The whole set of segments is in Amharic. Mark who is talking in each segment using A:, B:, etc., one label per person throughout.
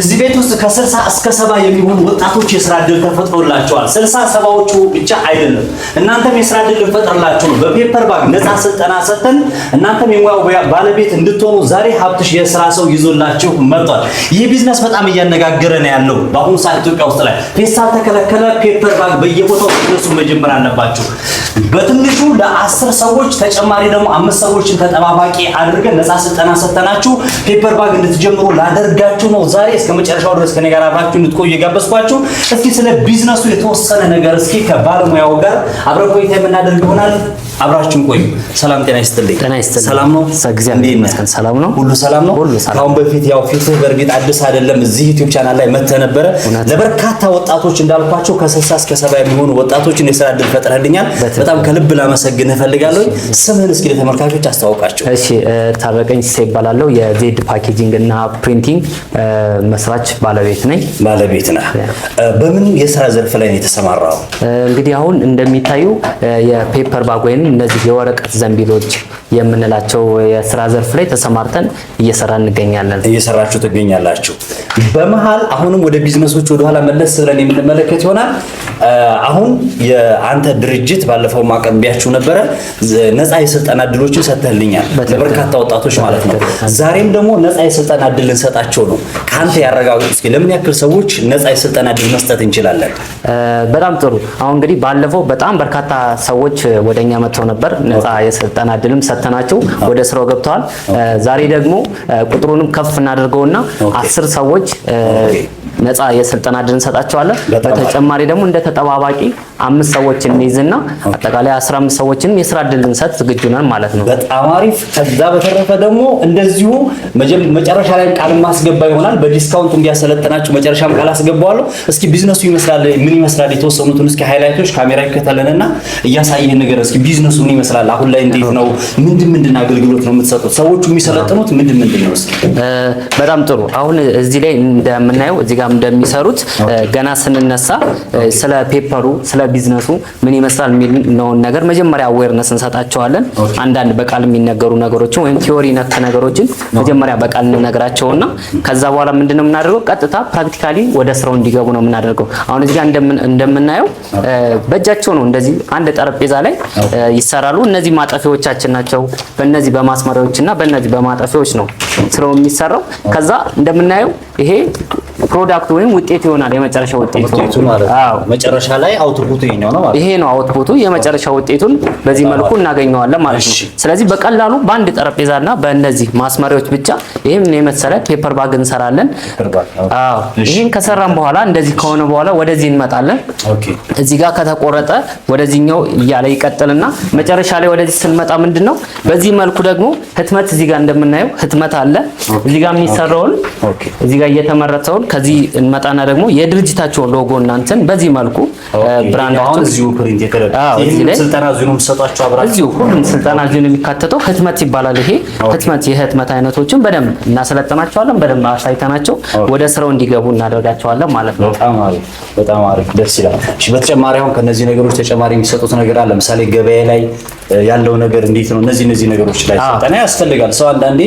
A: እዚህ ቤት ውስጥ ከስልሳ እስከ ሰባ የሚሆኑ ወጣቶች የስራ እድል ተፈጥሮላቸዋል። ስልሳ ሰባዎቹ ብቻ አይደለም። እናንተም የስራ እድል ልንፈጥርላችሁ ነው። በፔፐር ባግ ነፃ ስልጠና ሰጥተን እናንተም የሙያው ባለቤት እንድትሆኑ ዛሬ ሀብትሽ የስራ ሰው ይዞላችሁ መጥቷል። ይህ ቢዝነስ በጣም እያነጋገረ ነው ያለው በአሁኑ ሰዓት ኢትዮጵያ ውስጥ ላይ ፌስታል ተከለከለ። ፔፐር ባግ በየቦታው ቢዝነሱ መጀመር አለባችሁ። በትንሹ ለአስር ሰዎች ተጨማሪ ደግሞ አምስት ሰዎችን ተጠባባቂ አድርገን ነፃ ስልጠና ሰጥተናችሁ ፔፐር ባግ እንድትጀምሩ ላደርጋችሁ ነው ዛሬ እስከ መጨረሻው ድረስ ከኔ ጋር አብራችሁ እንድትቆዩ የጋበዝኳችሁ። እስኪ ስለ ቢዝነሱ የተወሰነ ነገር እስኪ ከባለሙያው ጋር አብረን ቆይታ የምናደርግ ይሆናል። አብራችሁን ቆዩ። ሰላም ጤና ይስጥልኝ። ጤና ይስጥልኝ። ሰላም ነው፣ ሰላም ነው፣ ሁሉ ሰላም ነው። ሁሉ ሰላም። ከአሁን በፊት ያው ፊትህ በእርግጥ አዲስ አይደለም እዚህ ዩቲዩብ ቻናል ላይ መተህ ነበረ። ለበርካታ ወጣቶች እንዳልኳቸው ከ60 እስከ 70 የሚሆኑ ወጣቶችን የስራ እድል ፈጥረህልኛል። በጣም ከልብ ላመሰግንህ እፈልጋለሁ። ስምህን እስኪ ለተመልካቾች አስተዋውቃቸው።
B: እሺ፣ ታረቀኝ ሲሳይ ይባላለሁ። የዜድ ፓኬጂንግ እና ፕሪንቲንግ መስራች ባለቤት ነኝ።
A: ባለቤት ነህ። በምን የስራ ዘርፍ ላይ ነው የተሰማራው?
B: እንግዲህ አሁን እንደሚታዩ የፔፐር ባግ ወይም እነዚህ የወረቀት ዘንቢሎች የምንላቸው የስራ ዘርፍ ላይ ተሰማርተን እየሰራ እንገኛለን።
A: እየሰራችሁ ትገኛላችሁ። በመሀል አሁንም ወደ ቢዝነሶች ወደኋላ መለስ ብለን የምንመለከት ይሆናል። አሁን የአንተ ድርጅት ባለፈው ማቀንቢያችሁ ነበረ፣ ነፃ የስልጠና እድሎችን ሰጥተህልኛል ለበርካታ ወጣቶች ማለት ነው። ዛሬም ደግሞ ነፃ የስልጠና እድል ንሰጣቸው ነው። ከአንተ ያረጋግጡ እስኪ ለምን ያክል ሰዎች ነፃ የስልጠና እድል መስጠት እንችላለን?
B: በጣም ጥሩ። አሁን እንግዲህ ባለፈው በጣም በርካታ ሰዎች ወደኛ መጥተው ተሰጥቷቸው ነበር። ነፃ የስልጠና እድልም ሰጥተናቸው ወደ ስራው ገብተዋል። ዛሬ ደግሞ ቁጥሩንም ከፍ እናደርገውና አስር ሰዎች ነፃ የስልጠና እድል እንሰጣቸዋለን። በተጨማሪ ደግሞ እንደ ተጠባባቂ አምስት ሰዎች እንይዝና አጠቃላይ 15 ሰዎችንም የስራ እድል ልንሰጥ ዝግጁ ነን ማለት ነው።
A: በጣም አሪፍ። ከዛ በተረፈ ደግሞ እንደዚሁ መጨረሻ ላይ ቃል ማስገባ ይሆናል። በዲስካውንት እንዲያሰለጥናችሁ መጨረሻም ቃል አስገባዋለሁ። እስኪ ቢዝነሱ ይመስላል ምን ይመስላል? የተወሰኑትን እስኪ ሃይላይቶች ካሜራ ይከተለንና እያሳየን ነገር እስኪ ቢዝነሱ ምን ይመስላል? አሁን ላይ እንዴት ነው? ምንድን ምንድን አገልግሎት ነው የምትሰጡት? ሰዎቹ የሚሰለጥኑት ምንድን ምንድን ነው? እስኪ
B: በጣም ጥሩ። አሁን እዚህ ላይ እንደምናየው እዚህ ጋር እንደሚሰሩት ገና ስንነሳ ስለ ፔፐሩ ስለ ቢዝነሱ ምን ይመስላል የሚለውን ነገር መጀመሪያ አዌርነስ እንሰጣቸዋለን። አንዳንድ በቃል የሚነገሩ ነገሮችን ወይም ቲዮሪ ነክ ነገሮችን መጀመሪያ በቃል እንነግራቸውና ከዛ በኋላ ምንድነው የምናደርገው? ቀጥታ ፕራክቲካሊ ወደ ስራው እንዲገቡ ነው የምናደርገው። አሁን እዚህ ጋር እንደምናየው በእጃቸው ነው እንደዚህ አንድ ጠረጴዛ ላይ ይሰራሉ። እነዚህ ማጠፊያዎቻችን ናቸው። በእነዚህ በማስመሪያዎችና በእነዚህ በማጠፊያዎች ነው ስራው የሚሰራው። ከዛ እንደምናየው ይሄ ፕሮዳክት ወይም ውጤት ይሆናል። የመጨረሻ ውጤቱ
A: አዎ፣ መጨረሻ ላይ አውትፑቱ ይሄ ነው ማለት
B: ይሄ ነው አውትፑቱ። የመጨረሻ ውጤቱን በዚህ መልኩ እናገኘዋለን ማለት ነው። ስለዚህ በቀላሉ በአንድ ጠረጴዛና በእነዚህ ማስመሪያዎች ብቻ ይሄን የመሰለ ፔፐር ባግ እንሰራለን። አዎ፣ ይሄን ከሰራን በኋላ እንደዚህ ከሆነ በኋላ ወደዚህ እንመጣለን። ኦኬ፣ እዚህ ጋር ከተቆረጠ ወደዚህኛው እያለ ይቀጥልና መጨረሻ ላይ ወደዚህ ስንመጣ ምንድነው በዚህ መልኩ ደግሞ ህትመት እዚህ ጋር እንደምናየው ህትመት አለ። እዚህ ጋር የሚሰራውን እዚህ ጋር እየተመረተውን ሲሆን ከዚህ እንመጣና ደግሞ የድርጅታቸውን ሎጎ እናንተን በዚህ መልኩ ብራንዳቸውን
A: እዚሁ ፕሪንት እዚሁ
B: ሁሉም ስልጠና እዚሁ ነው የሚካተተው። ህትመት ይባላል ይሄ ህትመት። የህትመት አይነቶችን በደንብ እናሰለጥናቸዋለን፣ በደንብ አሳይተናቸው ወደ ስራው እንዲገቡ እናደርጋቸዋለን ማለት ነው።
A: በጣም አሪፍ ደስ ይላል። በተጨማሪ አሁን ከነዚህ ነገሮች ተጨማሪ የሚሰጡት ነገር አለ። ለምሳሌ ገበያ ላይ ያለው ነገር እንዴት ነው? እነዚህ እነዚህ ነገሮች ላይ ስልጠና ያስፈልጋል። ሰው አንዳንዴ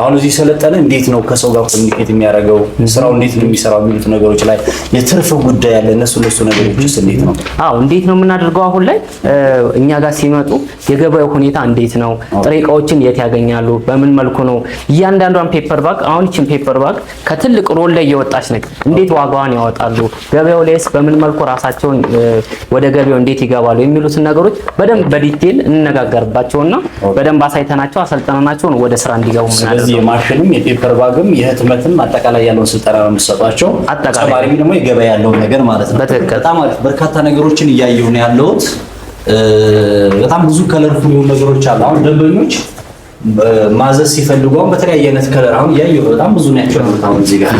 A: አሁን እዚህ ሰለጠነ እንዴት ነው ከሰው ጋር ኮሚኒኬት የሚያደርገው ስራው እንዴት ነው የሚሰራው የሚሉት ነገሮች ላይ የትርፍ ጉዳይ ያለ እነሱ እነሱ ነገሮችስ እንዴት ነው?
B: አዎ እንዴት ነው የምናደርገው? አሁን ላይ እኛ ጋር ሲመጡ የገበያው ሁኔታ እንዴት ነው? ጥሬ እቃዎችን የት ያገኛሉ? በምን መልኩ ነው? እያንዳንዷን ፔፐር ባግ አሁን ይችን ፔፐር ባግ ከትልቅ ሮል ላይ እየወጣች ነገር እንዴት ዋጋዋን ያወጣሉ? ገበያው ላይስ በምን መልኩ ራሳቸውን ወደ ገበያው እንዴት ይገባሉ? የሚሉትን ነገሮች በደንብ በዲቴል የምንነጋገርባቸውና በደንብ አሳይተናቸው አሰልጠናናቸው ወደ ስራ እንዲገቡ ምናምን።
A: ስለዚህ የማሽንም የፔፐር ባግም የህትመትም አጠቃላይ ያለውን ስልጠና ነው የምትሰጧቸው፣ አጠቃላይ ደግሞ የገበያ ያለውን ነገር ማለት ነው። በጣም አሪፍ በርካታ ነገሮችን እያየሁ ነው ያለሁት። በጣም ብዙ ከለርፉል የሆኑ ነገሮች አሉ። አሁን ደንበኞች ማዘዝ ሲፈልጉ አሁን በተለያየ አይነት ከለር አሁን እያየሁ በጣም ብዙ ናቸው። አሁን እዚህ ጋር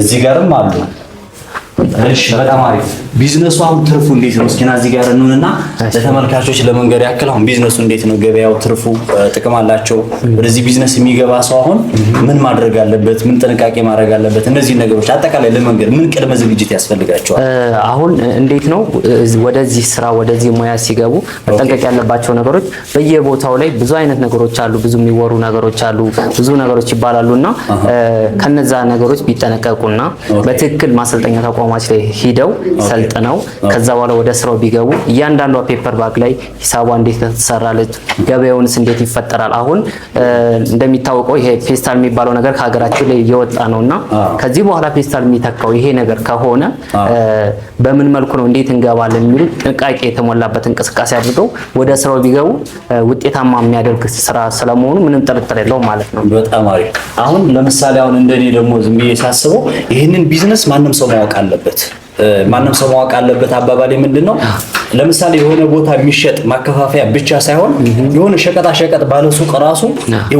A: እዚህ ጋርም አሉ እሺ፣ በጣም አሪፍ። ቢዝነሱ አሁን ትርፉ እንዴት ነው? እስኪና እዚህ ጋር እንሆንና ለተመልካቾች ለመንገድ ያክል አሁን ቢዝነሱ እንዴት ነው? ገበያው፣ ትርፉ፣ ጥቅም አላቸው። ወደዚህ ቢዝነስ የሚገባ ሰው አሁን ምን ማድረግ አለበት? ምን ጥንቃቄ ማድረግ አለበት? እነዚህ ነገሮች አጠቃላይ ለመንገድ ምን ቅድመ ዝግጅት ያስፈልጋቸዋል?
B: አሁን እንዴት ነው ወደዚህ ስራ ወደዚህ ሙያ ሲገቡ መጠንቀቅ ያለባቸው ነገሮች በየቦታው ላይ ብዙ አይነት ነገሮች አሉ፣ ብዙ የሚወሩ ነገሮች አሉ፣ ብዙ ነገሮች ይባላሉ እና ከነዛ ነገሮች ቢጠነቀቁና በትክክል ማሰልጠኛ ተቋማት ተቋማት ላይ ሂደው ሰልጥነው ከዛ በኋላ ወደ ስራው ቢገቡ እያንዳንዷ ፔፐር ባግ ላይ ሂሳቧ እንዴት ትሰራለች፣ ገበያውንስ እንዴት ይፈጠራል። አሁን እንደሚታወቀው ይሄ ፔስታል የሚባለው ነገር ከሀገራችን ላይ እየወጣ ነውና ከዚህ በኋላ ፔስታል የሚተካው ይሄ ነገር ከሆነ በምን መልኩ ነው እንዴት እንገባለን የሚሉ ጥንቃቄ የተሞላበት እንቅስቃሴ አድርገው ወደ ስራው ቢገቡ ውጤታማ የሚያደርግ ስራ ስለመሆኑ ምንም ጥርጥር የለውም ማለት ነው።
A: በጣም አሪፍ። አሁን ለምሳሌ አሁን እንደኔ ደግሞ ዝም ብዬ ሳስበው ይህንን ቢዝነስ ማንም ሰው ማወቅ አለበት። Пункт ማንም ሰው ማወቅ አለበት አባባሌ ምንድን ነው? ለምሳሌ የሆነ ቦታ የሚሸጥ ማከፋፈያ ብቻ ሳይሆን የሆነ ሸቀጣ ሸቀጥ ባለሱቅ ራሱ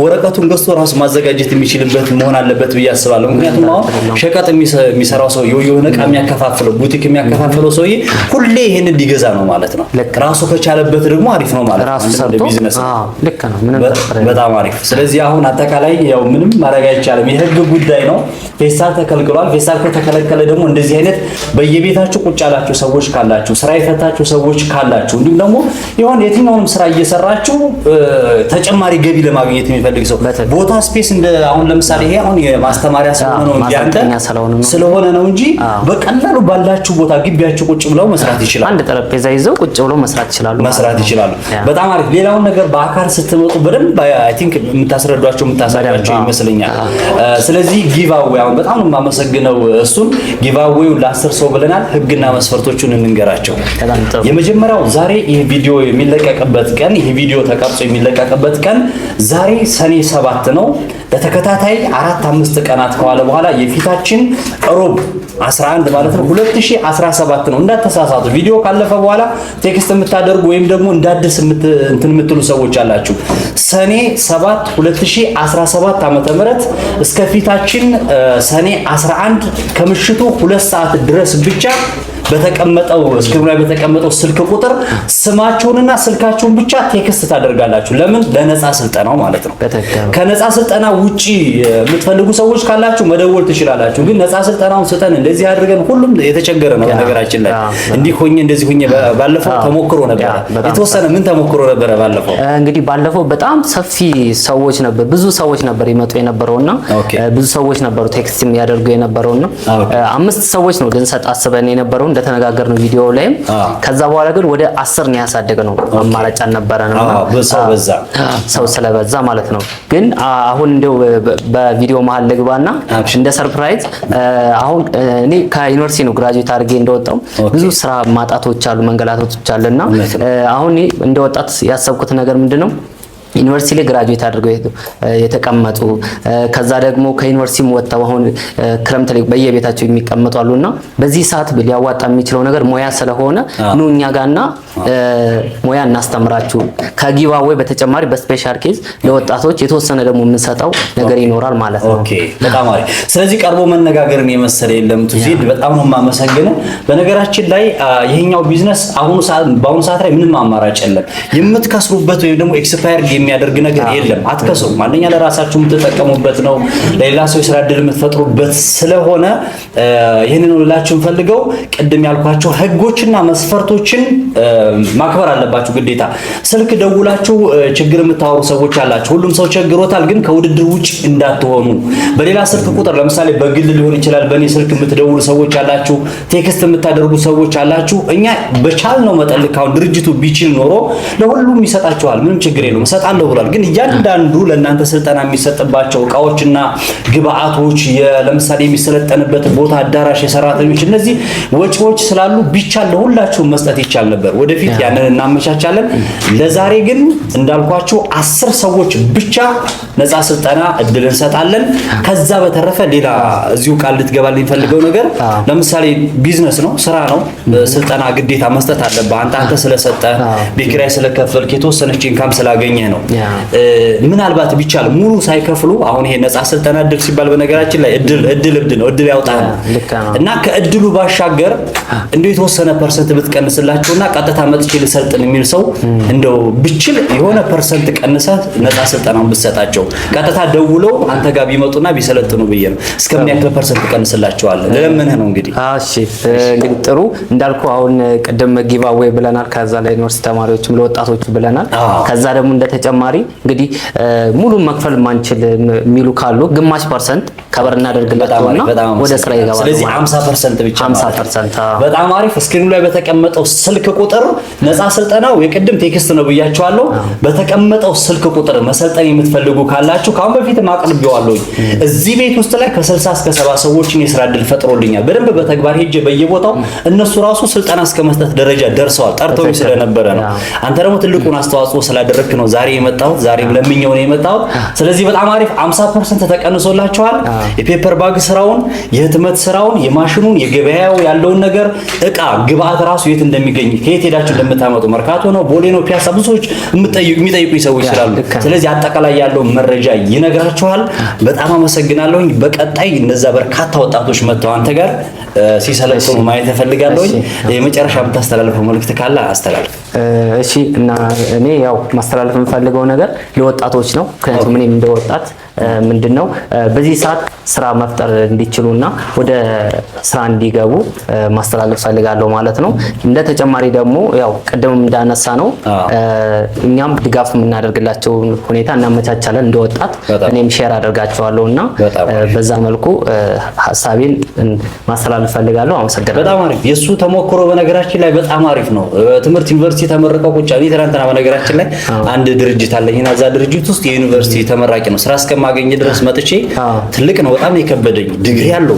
A: ወረቀቱን ገዝቶ ራሱ ማዘጋጀት የሚችልበት መሆን አለበት ብዬ አስባለሁ። ምክንያቱም አሁን ሸቀጥ የሚሰራው ሰው የሆነ እቃ የሚያከፋፍለው ቡቲክ የሚያከፋፍለው ሰውዬ ሁሌ ይህን ሊገዛ ነው ማለት ነው። ራሱ ከቻለበት ደግሞ አሪፍ ነው ማለት ነው። በጣም አሪፍ። ስለዚህ አሁን አጠቃላይ ያው ምንም ማድረግ አይቻልም፣ የህግ ጉዳይ ነው። ፌስታል ተከልክሏል። ፌስታል ከተከለከለ ደግሞ እንደዚህ አይነት በየቤታችሁ ቁጭ ያላችሁ ሰዎች ካላችሁ፣ ስራ የፈታችሁ ሰዎች ካላችሁ፣ እንዲሁም ደግሞ የሆነ የትኛውንም ስራ እየሰራችሁ ተጨማሪ ገቢ ለማግኘት የሚፈልግ ሰው ቦታ ስፔስ እንደ አሁን ለምሳሌ ይሄ አሁን የማስተማሪያ ስለሆነ ነው እንጂ ስለሆነ ነው እንጂ በቀላሉ ባላችሁ ቦታ ግቢያችሁ ቁጭ ብለው መስራት ይችላል።
B: አንድ ጠረጴዛ ይዘው ቁጭ ብለው መስራት ይችላሉ
A: መስራት ይችላሉ። በጣም አሪፍ። ሌላውን ነገር በአካል ስትመጡ በደንብ አይ ቲንክ የምታስረዷቸው የምታሳያቸው ይመስለኛል። ስለዚህ ጊቫዌ አሁን በጣም ነው የማመሰግነው እሱን ጊቫዌውን ለአስር ሰው ብለናል። ህግና መስፈርቶቹን እንንገራቸው። የመጀመሪያው ዛሬ ይህ ቪዲዮ የሚለቀቅበት ቀን ይህ ቪዲዮ ተቀርጾ የሚለቀቅበት ቀን ዛሬ ሰኔ ሰባት ነው። ለተከታታይ አራት አምስት ቀናት ከዋለ በኋላ የፊታችን ሮብ 11 ማለት ነው 2017 ነው እንዳተሳሳቱ። ቪዲዮ ካለፈ በኋላ ቴክስት የምታደርጉ ወይም ደግሞ እንዳድስ እንትን የምትሉ ሰዎች አላችሁ። ሰኔ 7 2017 ዓመተ ምህረት እስከ ፊታችን ሰኔ 11 ከምሽቱ 2 ሰዓት ድረስ ብቻ በተቀመጠው እስክሪኑ ላይ በተቀመጠው ስልክ ቁጥር ስማችሁንና ስልካችሁን ብቻ ቴክስት ታደርጋላችሁ። ለምን? ለነፃ ስልጠናው ማለት ነው። ከነፃ ስልጠና ውጪ የምትፈልጉ ሰዎች ካላችሁ መደወል ትችላላችሁ። ግን ነፃ ስልጠናውን ስጠን እንደዚህ አድርገን ሁሉም የተቸገረ ነው። ነገራችን ላይ እንዲህ ሆኜ እንደዚህ ሆኜ ባለፈው ተሞክሮ ነበረ። የተወሰነ ምን ተሞክሮ ነበረ ባለፈው?
B: እንግዲህ ባለፈው በጣም ሰፊ ሰዎች ነበር፣ ብዙ ሰዎች ነበር ይመጡ የነበረውና ብዙ ሰዎች ነበሩ ቴክስት የሚያደርጉ የነበረውና አምስት ሰዎች ነው ልንሰጥ አስበን የነበረው እንደተነጋገር ነው ቪዲዮ ላይም። ከዛ በኋላ ግን ወደ አስር ነው ያሳደገ ነው አማራጭ አልነበረንም፣ ሰው ስለበዛ ማለት ነው። ግን አሁን እንደው በቪዲዮ መሀል ልግባና እንደ ሰርፕራይዝ አሁን እኔ ከዩኒቨርሲቲ ነው ግራጁዌት አድርጌ እንደወጣው ብዙ ስራ ማጣቶች አሉ፣ መንገላቶች አሉና አሁን እንደ ወጣት ያሰብኩት ነገር ምንድነው ዩኒቨርሲቲ ላይ ግራጁዌት አድርገው የተቀመጡ ከዛ ደግሞ ከዩኒቨርሲቲም ወጥተው አሁን ክረምት ላይ በየቤታቸው የሚቀመጡ አሉና በዚህ ሰዓት ሊያዋጣ የሚችለው ነገር ሙያ ስለሆነ ኑ እኛ ጋርና ሙያ እናስተምራችሁ። ወይ በተጨማሪ በስፔሻል ኬዝ ለወጣቶች የተወሰነ ደግሞ የምንሰጠው ነገር ይኖራል ማለት ነው።
A: ኦኬ፣ በጣም አሪፍ። ስለዚህ ቀርቦ መነጋገርን የመሰለ የለም። ቱዚድ በጣም ነው የማመሰግነው። በነገራችን ላይ ይሄኛው ቢዝነስ ሰዓት በአሁኑ ሰዓት ላይ ምንም አማራጭ የለም። የምትከስሩበት ወይም ደግሞ ኤክስፓየር የሚያደርግ ነገር የለም። አትከሰው አንደኛ ለራሳችሁ የምትጠቀሙበት ነው፣ ለሌላ ሰው የስራ እድል የምትፈጥሩበት ስለሆነ ይህንን ልላችሁ ፈልገው ቅድም ያልኳቸው ህጎችና መስፈርቶችን ማክበር አለባችሁ ግዴታ። ስልክ ደውላችሁ ችግር የምታወሩ ሰዎች አላችሁ። ሁሉም ሰው ቸግሮታል፣ ግን ከውድድር ውጭ እንዳትሆኑ በሌላ ስልክ ቁጥር ለምሳሌ በግል ሊሆን ይችላል። በእኔ ስልክ የምትደውሉ ሰዎች አላችሁ፣ ቴክስት የምታደርጉ ሰዎች አላችሁ። እኛ በቻልነው ነው ልክ ድርጅቱ ቢችል ኖሮ ለሁሉም ይሰጣችኋል። ምንም ችግር የለውም። አለው ብሏል። ግን እያንዳንዱ ለእናንተ ስልጠና የሚሰጥባቸው እቃዎችና ግብአቶች፣ ለምሳሌ የሚሰለጠንበት ቦታ፣ አዳራሽ፣ የሰራተኞች እነዚህ ወጪዎች ስላሉ ቢቻል ለሁላችሁም መስጠት ይቻል ነበር። ወደፊት ያንን እናመቻቻለን። ለዛሬ ግን እንዳልኳቸው አስር ሰዎች ብቻ ነፃ ስልጠና እድል እንሰጣለን። ከዛ በተረፈ ሌላ እዚሁ ቃል ልትገባል የሚፈልገው ነገር ለምሳሌ ቢዝነስ ነው፣ ስራ ነው። ስልጠና ግዴታ መስጠት አለብህ። አንተ አንተ ስለሰጠ ቤት ኪራይ ስለከፈልክ የተወሰነች ኢንካም ስላገኘ ነው። ምናልባት ቢቻል ሙሉ ሳይከፍሉ አሁን ይሄ ነፃ ስልጠና እድል ሲባል በነገራችን ላይ እድል እድል እብድ ነው፣ እድል ያውጣ ነው እና ከእድሉ ባሻገር እንደው የተወሰነ ፐርሰንት ብትቀንስላቸውና ቀጥታ መጥቼ ልሰልጥን የሚል ሰው እንደው ብችል የሆነ ፐርሰንት ቀንሰ ነጻ ስልጠናውን ብትሰጣቸው ቀጥታ ደውለው አንተ ጋር ቢመጡና ቢሰለጥኑ ብዬ ነው። እስከምን ያክል ፐርሰንት ትቀንስላቸዋለህ? ለምንህ ነው እንግዲህ።
B: እሺ ግን ጥሩ እንዳልኩ አሁን ቅድም ጊቫዌ ብለናል። ከዛ ላይ ዩኒቨርሲቲ ተማሪዎችም ለወጣቶች ብለናል። ከዛ ደግሞ እንደተጨ በተጨማሪ እንግዲህ ሙሉ መክፈል ማንችል የሚሉ ካሉ ግማሽ ፐርሰንት ከበር እናደርግለታልና ወደ ስራ ይገባል። ስለዚህ 50% ብቻ
A: 50%
B: በጣም አሪፍ። ስክሪኑ ላይ በተቀመጠው ስልክ ቁጥር ነፃ ስልጠናው የቅድም ቴክስት ነው ብያችኋለሁ። በተቀመጠው ስልክ ቁጥር መሰልጠን የምትፈልጉ ካላችሁ ካሁን በፊት አቅርቤዋለሁ። እዚህ ቤት ውስጥ ላይ ከ60 እስከ 70 ሰዎችን የስራ እድል ፈጥሮልኛል። በደንብ በተግባር ሄጄ በየቦታው እነሱ ራሱ ስልጠና እስከ መስጠት ደረጃ ደርሰዋል። ጠርተው ስለነበረ ነው። አንተ ደግሞ ትልቁን አስተዋጽኦ ስላደረክ ነው ዛሬ የመጣሁት። ዛሬም ለምኜው ነው የመጣሁት። ስለዚህ በጣም አሪፍ 50% ተቀንሶላችኋል። የፔፐር ባግ ስራውን፣ የህትመት ስራውን፣ የማሽኑን፣ የገበያው ያለውን ነገር እቃ ግብአት ራሱ የት እንደሚገኝ ከየት ሄዳችሁ እንደምታመጡ መርካቶ ነው፣ ቦሌ ነው፣ ፒያሳ ብዙዎች የሚጠይቁኝ ሰዎች ስላሉ ስለዚህ አጠቃላይ ያለውን መረጃ ይነግራችኋል። በጣም አመሰግናለሁኝ። በቀጣይ እነዛ በርካታ ወጣቶች መጥተው አንተ ጋር ሲሰለጥኑ ማየት እፈልጋለሁኝ። የመጨረሻ የምታስተላልፈው መልእክት ካለ አስተላልፍ። እሺ። እና እኔ ያው ማስተላለፍ የምፈልገው ነገር ለወጣቶች ነው። ምክንያቱም እኔም እንደወጣት ምንድን ነው በዚህ ሰዓት ስራ መፍጠር እንዲችሉና ወደ ስራ እንዲገቡ ማስተላለፍ ፈልጋለሁ ማለት ነው። እንደ ተጨማሪ ደግሞ ያው ቅድም እንዳነሳ ነው እኛም ድጋፍ የምናደርግላቸውን ሁኔታ እናመቻቻለን። እንደወጣት እኔም ሼር አደርጋቸዋለሁ እና በዛ መልኩ ሀሳቤን ማስተላለፍ ፈልጋለሁ።
A: አመሰግናለሁ። በጣም አሪፍ የእሱ ተሞክሮ በነገራችን ላይ በጣም አሪፍ ነው። ትምህርት ዩኒቨርሲቲ ተመረቀው ቁጭ እኔ ትናንትና በነገራችን ላይ አንድ ድርጅት አለኝና እዛ ድርጅት ውስጥ የዩኒቨርሲቲ ተመራቂ ነው ስራ እስከማገኝ ድረስ መጥቼ ትልቅ ነው በጣም የከበደኝ ድግሪ ያለው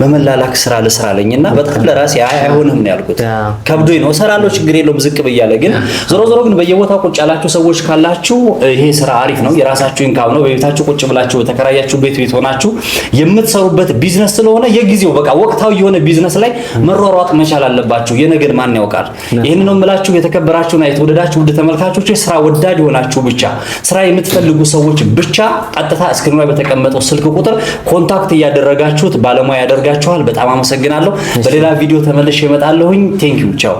A: በመላላክ ስራ ልስራ አለኝ በጣም ለራሴ አይ አይሆንም ነው ያልኩት። ከብዶኝ ነው እሰራለሁ፣ ችግር የለውም ዝቅ ብያለሁ። ግን ዞሮ ዞሮ ግን በየቦታው ቁጭ ያላችሁ ሰዎች ካላችሁ ይሄ ስራ አሪፍ ነው፣ የራሳችሁ ኢንካም ነው። በቤታችሁ ቁጭ ብላችሁ በተከራያችሁ ቤት ቤት ሆናችሁ የምትሰሩበት ቢዝነስ ስለሆነ የጊዜው በቃ ወቅታዊ የሆነ ቢዝነስ ላይ መሯሯጥ መቻል አለባችሁ። የነገን ማን ያውቃል? ይህን ነው የምላችሁ። የተከበራችሁና የተወደዳችሁ ውድ ተመልካቾች፣ ስራ ወዳድ የሆናችሁ ብቻ ስራ የምትፈልጉ ሰዎች ብቻ ቀጥታ እስክሪን ላይ በተቀመጠው ስልክ ቁጥር ኮንታክት እያደረጋችሁት ባለሙያ ያደርጋችኋል። በጣም አመሰግናለሁ። በሌላ ቪዲዮ ተመልሼ እመጣለሁኝ። ቴንኪው ቻው።